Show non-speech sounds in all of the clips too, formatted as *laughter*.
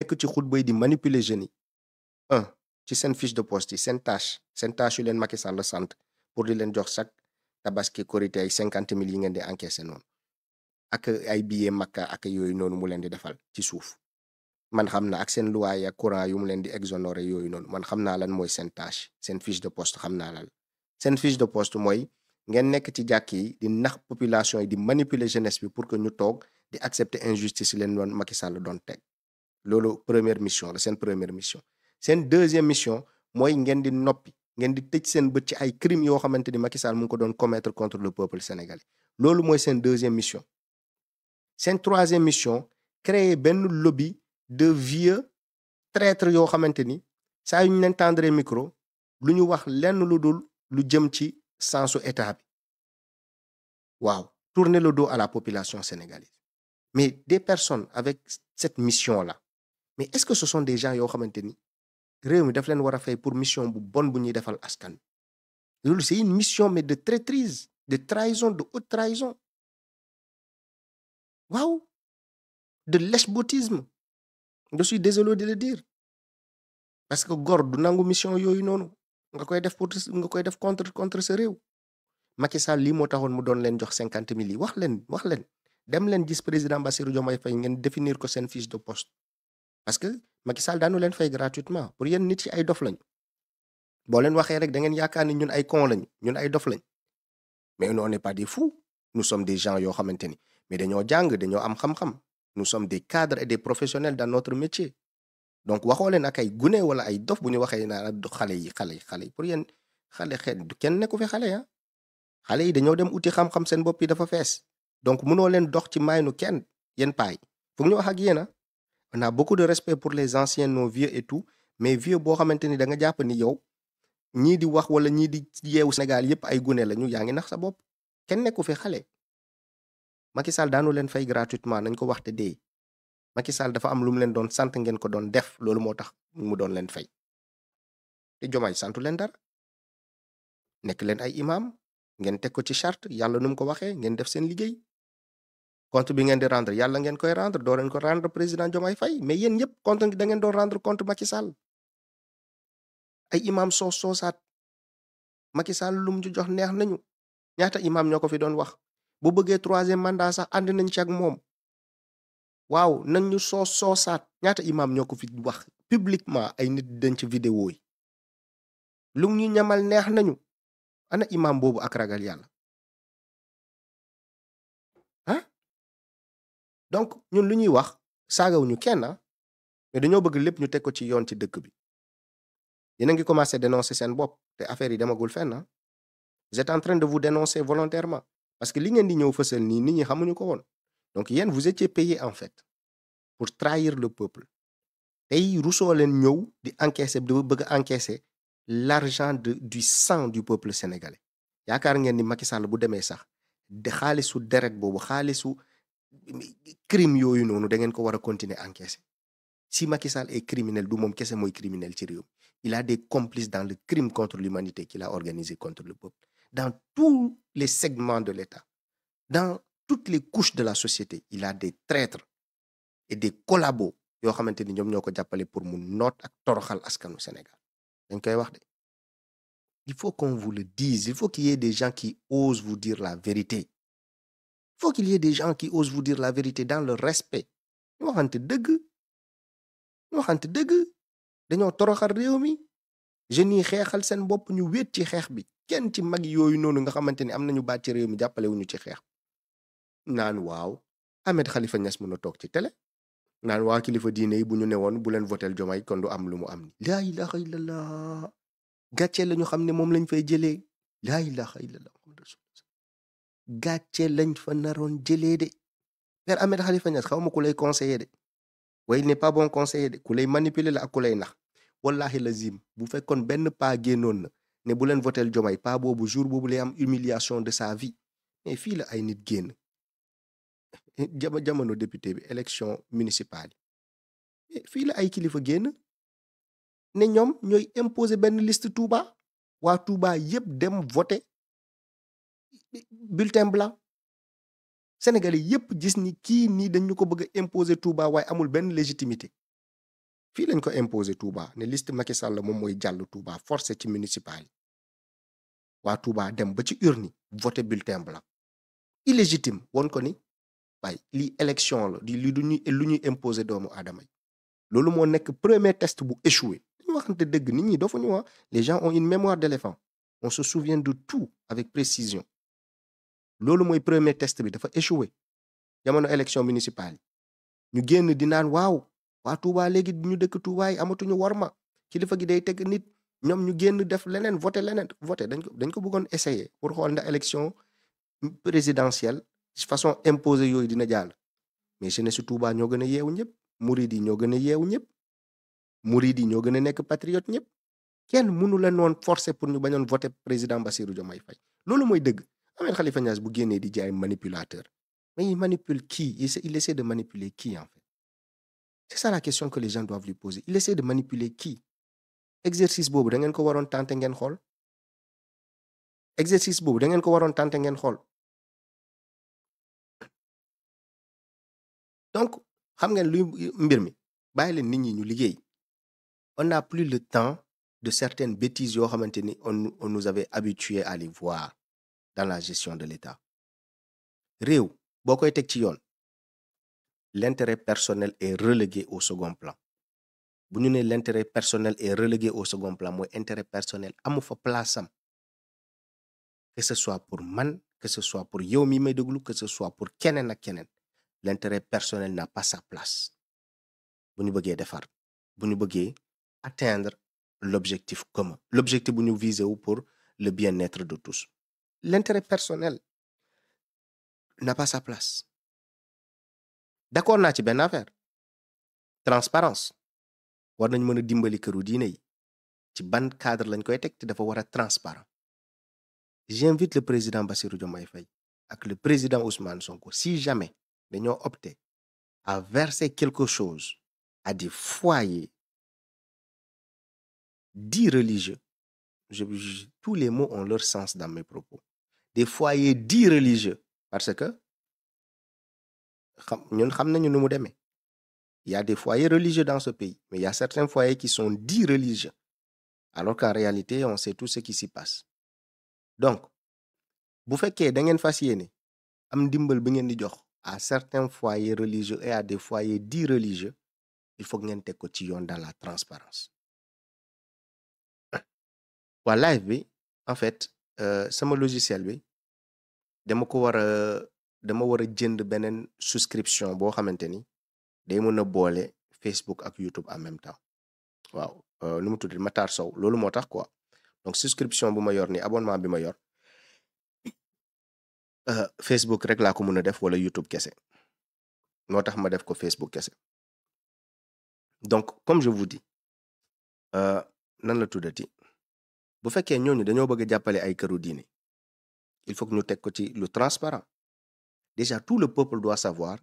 nekk ci xutba yi di manipuler jeunes yi un ci sen fiche de poste yi seen tâche sen tâche yu leen Macky Sall centre pour di len jox sak tabaski korité ay 50 mille yi ngeen di encaisser non ak ay billet makka ak yooyu non mu len di defal ci souf man xamna na ak sen loi ya courant yu mu leen di exonéré yooyu non man xamna lan moy sen tâche sen fiche de poste xamna lan sen fiche de poste moy. ngeen nek ci jàkk di nax population yi di manipuler jeunesse bi pour que ñu tok di accepter injustice len non Macky Sall doon lolo première mission la une première mission une deuxième mission moy ngén di nopi ngén di tej sen bët ay crimes yo xamante Macky Sall mu ko don commettre contre le peuple sénégalais loolu moy sen deuxième mission une troisième mission créer ben lobby de vieux traîtres yo xamante ni saa yu ñu leen micro luñu wax lenn lu dul lu jëm ci sensu état bi waaw tourner le dos à la population sénégalaise mais des personnes avec cette mission là mais est-ce que ce sont des gens yo xamanteni ni réew mi daf len wara fay pour mission bu bonne bu ñuy defal askan lolu c'est une mission mais de traîtrise de trahison de haute trahison waaw de lesbotisme. je suis désolé de le dire parce que góor du nangu mission yoyu noonu nga koy def pour nga koy def contre contre ce réew Macky Sall li mo taxone mu doon len jox cinquante mille wax len wax len dem len gis président Bassirou Diomaye Faye ngeen définir ko sen fiche de poste parce que Macky Sall daanu leen fay gratuitement pour yéen nit ci ay dof lañ bo leen waxé rek da ngeen yaakaar ni ñun ay con lañ ñun ay dof lañ mais nous on n'est pas des fous nous sommes des gens yo xamanteni mais dañoo jang dañoo am xam-xam nous sommes des cadres et des professionnels dans notre métier donc waxo leen ak ay gune wala ay dof bu ñu waxé na du xalé yi xalé xalé pour yéen xalé xeet du kenn neku fi xalé ah xalé yi dañoo dem outil xam-xam seen bop yi dafa fess donc mëno leen dox ci maynu kenn yéen pay fu ñu wax ak yéen ah. on a beaucoup de respect pour les anciens nos vieux et mais vieux boo xamante ni da nga ni yow ñii di wax wala ñii di yeewu Sénégal yépp ay gune la ñu yaa ngi sa bopp kenn nekku fi xale Macky Sall daanu leen fay gratuitement nañ ko waxte dee Macky Sall dafa am lu leen doon sant ngeen ko doon def loolu moo tax mu doon leen fay te jomaay santu leen dar nekk leen ay imam ngeen teg ko ci charte yàlla nu mu ko waxee ngeen def seen liggéey kontu bi ngeen di rendre yalla ngeen koy rendre do len ko rendre president jomay fay mais yéen ñëpp kontu da ngeen do rendre contre Macky Sall ay imam So sat Macky Sall lu mu jox neex nañu ñaata imam ñoko Wah. fi doon wax bu 3e mandat sax and nañ ci ak mom waaw nañ ñu so sat ñaata imam ñoko Wah. fi wax publiquement ay nit dañ ci vidéo yi lu ñu ñamal neex nañu ana imam bobu ak ragal yalla donc ñun lu ñuy wax saagawuñu kenn mais dañoo bëgg lépp ñu teg ko ci yoon ci dëkk bi yéen a ngi commencé dénoncer seen bopp te affaire yi demagul fenn ah. vous êtes en train de vous dénoncer volontairement parce que li ngeen di ñëw fësal nii nit ñi xamuñu ko woon donc yéen vous étiez payé en fait pour trahir le peuple tey Rousseau leen ñëw di encaisser dafa bëgg encaisser l'argent de du sang du peuple sénégalais yaakaar ngeen ni Macky Sall bu demee sax de xaalisu deret boobu xaalisu crime yooyu noonu da ngeen ko continuer encaisser si Macky est criminel criminel ci il a des complices dans le crime contre l'humanité qu'il a organisé contre le peuple dans tous les segments de l'État dans toutes les couches de la société il a des traîtres et des collabos pour mu ak toroxal askanu Sénégal dañ il faut qu'on vous le dise il faut qu'il y ait des gens qui osent vous dire la vérité faut qu'il y ait des gens qui osent vous dire la vérité dans le respect ñu waxante dëgg ñu waxante dëgg dañoo toroxal réew mi jeunes yi xeexal seen bopp ñu wéet ci xeex bi kenn ci mag yooyu noonu nga xamante ni am nañu baat ci réew mi jàppale wuñu ci xeex Nan waw, Ahmed Khalifa Niass mën tok toog ci télé naan waa kilifa diine yi bu ñu newoon bu leen votel jomay kon du am lu mu am la ilaha illallah gàccee la ñu xam ne moom lañ fay la laa ilaha illallah gatché lañ fa naroon jëlé dé Père Ahmed Khalifa Niass xawma ma ku lay conseiller dé way n'est pas bon conseiller de ku lay manipuler la ak ku lay nax wallahi lazim bu fekkoon ben pa génnoon né bu len voter jomay pas bobu jour bobu lay am humiliation de sa vie mais fi la ay nit génn *laughs* jama jamono député bi élection municipale yi fii la ay kilifa génn né ñom ñoy imposer ben liste Touba wa Touba yëpp dem voter bulletin blanc sénégalais yépp gis ni kii nii dañu ko bëgg imposer Touba waaye amul benn légitimité fii lañ ko imposer Touba ne liste Macky Sall moom mooy jàll Touba forcé ci municipal yi waa Touba dem ba ci urne voter bulletin blanc illégitime won ko ni bay li élection la li du ñuy lu ñuy imposer doomu aadama yi loolu moo nekk premier test bu échoué dañu waxante dëgg nit ñi dofuñu ah, les gens ont une mémoire d'éléphant on se souvient de tout avec précision loolu mooy premier test bi dafa échoué jamono élection municipale ñu génn di naan waaw waa Touba léegi ñu dëkk Touba yi amatuñu worma kilifa gi day teg nit ñoom ñu génn def leneen voté leneen voté dañ ko dañ ko bëggoon essayer pour xool ndax élection présidentielle façon imposer yooyu dina jàll mais jeunesse Touba ñoo gën a yeewu ñëpp murid yi ñoo gën a yeewu ñëpp murid yi ñoo gën a nekk patriote ñëpp kenn mënu leen noon force pour ñu bañoon voté président Bassirou Diomaye Faye loolu mooy dëgg Ahmed Khalifa Niass bu di un manipulateur mais il manipule qui il essaie, de manipuler qui en fait c'est ça la question que les gens doivent lui poser il essaie de manipuler qui exercice bobu da ngeen ko waron un ngeen xol exercice bobu da ngeen ko waron tanté ngeen xol donc xam ngeen luy mbir mi leen nit ñi ñu on n'a plus le temps de certaines bêtises on nous avait habitués à les voir dans la gestion de l'État rio beaucoup de l'intérêt personnel est relégué au second plan l'intérêt personnel est relégué au second plan l'intérêt intérêt personnel a fa place que ce soit pour man que ce soit pour yomi que ce soit pour kenen ak l'intérêt personnel n'a pas sa place bu atteindre l'objectif commun l'objectif bu pour le bien-être de tous l'intérêt personnel n'a pas sa place d'accord nati ci affaire transparence war nañ a dimbali këru diine yi ci ban cadre lañ koy dafa transparent j'invite le président Bassirou Diomaye Faye ak le président Ousmane Sonko si jamais dañoo opté à verser quelque chose à des foyers dits religieux je, tous les mots ont leur sens dans mes propos des foyers dits religieux parce que il y a des foyers religieux dans ce pays mais il y a certains foyers qui sont dits religieux alors qu'en réalité on sait tout ce qui s'y passe donc bu vous da ngeen fas vous am à certains foyers religieux et à des foyers dits religieux il faut que vous ait dans la transparence Voilà, en fait euh, sama logiciel bi dama ko wara dama wara jënd benen souscription bo xamanteni day mëna a boole Facebook ak YouTube en même temps waaw euh, nu mu tuddee Matar Sow loolu moo tax quoi donc souscription bu ma yor ni abonnement bi ma yor *coughs* euh, Facebook rek laa ko mën a def wala YouTube kese moo tax ma def ko Facebook kese donc comme je vous dis nan la tuddati bu bëgg il faut que nous teg ko transparent déjà tout le peuple doit savoir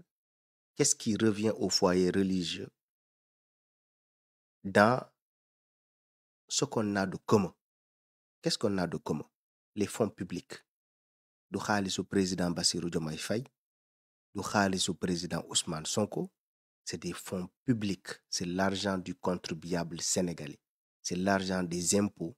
qu'est-ce qui revient au foyer religieux dans ce qu'on a de commun qu'est-ce qu'on a de commun les fonds publics du xaalisu président Bassirou Diomaye Faye du xaalisu président Ousmane Sonko c'est des fonds publics c'est l'argent du contribuable sénégalais c'est l'argent des impôts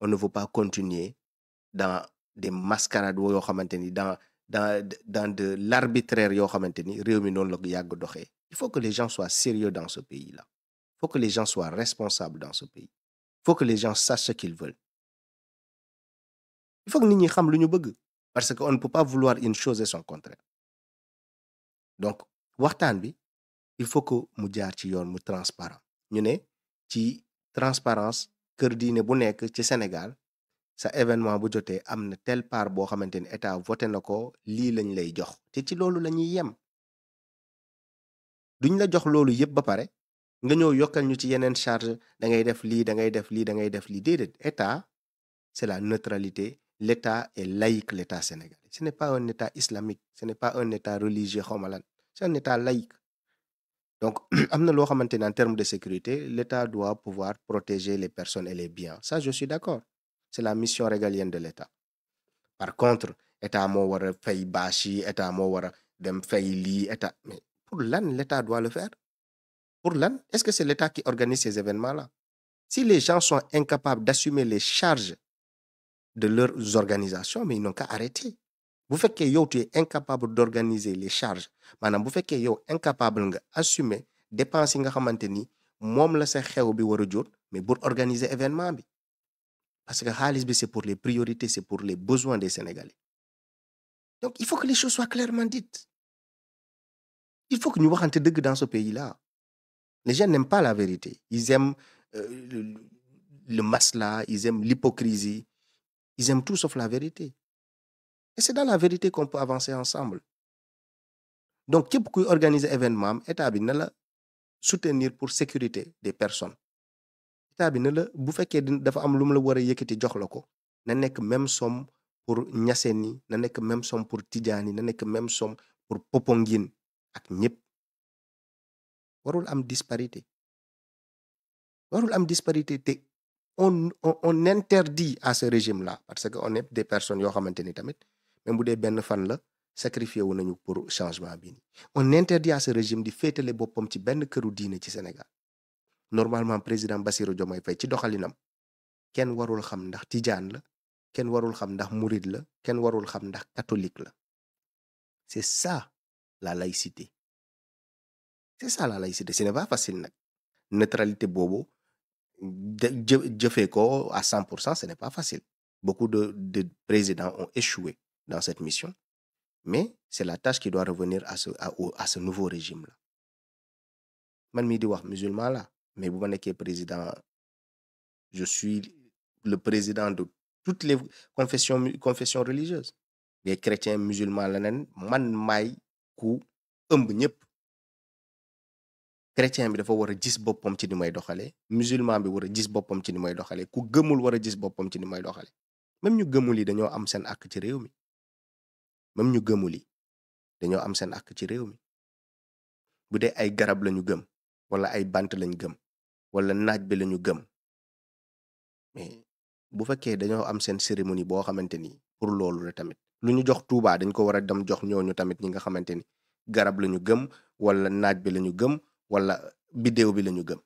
on ne veut pas continuer dans des mascarades dans de l'arbitraire il faut que les gens soient sérieux dans ce pays là il faut que les gens soient responsables dans ce pays il faut que les gens sachent ce qu'ils veulent il faut que nit ñi xam lu ñu bëgg parce qu'on ne peut pas vouloir une chose et son contraire donc waxtaan bi il faut que mu jaar ci yoon mu transparent ñu ne ci transparence kër diine bu nekk ci Sénégal sa événement bu jotee am na telle part boo xamante ni état voté na ko lii lañ lay jox te ci loolu lañuy yem duñ la jox loolu yëpp ba pare nga ñëw yokkal ñu ci yeneen charge da ngay def lii da ngay def lii da ngay def lii déedéet état c'est la neutralité l'état est laïque l'état sénégalais ce n'est pas un état islamique ce n'est pas un état religieux xawma lan c'est un état laïque donc, *clears throat* en termes de sécurité, l'État doit pouvoir protéger les personnes et les biens. Ça, je suis d'accord. C'est la mission régalienne de l'État. Par contre, l'État doit faire faire Mais pour l'an, l'État doit le faire. Pour l'an, est-ce que c'est l'État qui organise ces événements-là Si les gens sont incapables d'assumer les charges de leurs organisations, mais ils n'ont qu'à arrêter. Vous fekkee yow tu es incapable d'organiser les charges maanaam bu fekkee yow incapable d'assumer assumer dépenses yi nga xamante ni moom la sa xew bi war jot mais pour organiser événement bi parce que xaalis bi c'est pour les priorités c'est pour les besoins des Sénégalais donc il faut que les choses soient clairement dites il faut que ñu waxante dëgg dans ce pays-là les gens n'aiment pas la vérité ils aiment euh, le le masla ils aiment l'hypocrisie ils aiment tout sauf la vérité et c'est dans la vérité qu'on peut avancer ensemble. Donc, qui peut organiser événement état bi la soutenir pour sécurité des personnes état bi na la bu fekkee dafa am lu la jox la na même somme pour nyaseni na nek même somme pour tidiani, na nek même somme pour popongine ak ñëpp warul am disparité warul am disparité on on on interdit à ce régime là parce que on est des personnes qui ont maintenu tamit même bu dee fan la sacrifié wu nañu pour changement bi on interdit à ce régime di les bopom ci benn këru diine ci Sénégal normalement président Bassirou diomay fay ci doxalinam kenn warul xam ndax tidiane la kenn warul xam ndax mouride la kenn warul xam ndax catholique la c'est ça la laïcité c'est ça la laïcité ce n'est pas facile nak neutralité bobo. jë ko à 100 ce n'est pas facile beaucoup de de présidents ont échoué dans cette mission, mais c'est la tâche qui doit revenir à ce, à, à ce nouveau régime-là. Man mi di wax musulman là, mais vous ma nekkee président, je suis le président de toutes les confessions, confessions religieuses. Les chrétiens, musulmans leneen man maay ku ëmb ñëpp. chrétien bi dafa wara gis boppam ci ni may doxalee musulman bi wara gis boppam ci ni may doxalee ku gëmul wara gis boppam ci ni may doxalee même ñu gëmul yi dañoo am seen ak ci réew mi même ñu gëmul yi dañoo am seen àq ci réew mi bu dee ay garab lañu gëm wala ay bant lañ gëm wala naaj bi lañu gëm mais bu fekkee dañoo am seen cérémonie boo xamante ni pour loolu la tamit lu ñu jox Tuubaa dañ ko war a dem jox ñooñu tamit ñi nga xamante ni garab lañu gëm wala naaj bi lañu gëm wala biddéew bi lañu gëm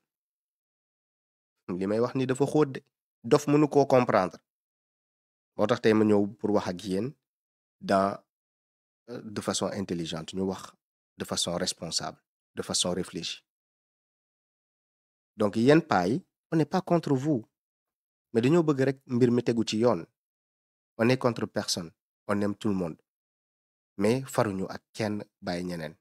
li may wax ni dafa xóot de dof mënu koo comprendre moo tax te ma ñëw pour wax ak yéen dans de façon intelligente de façon responsable de façon réfléchie donc a une on n'est pas contre vous mais nous bëgg rek on est contre personne on aime tout le monde mais faruñu ak kenn qui ñeneen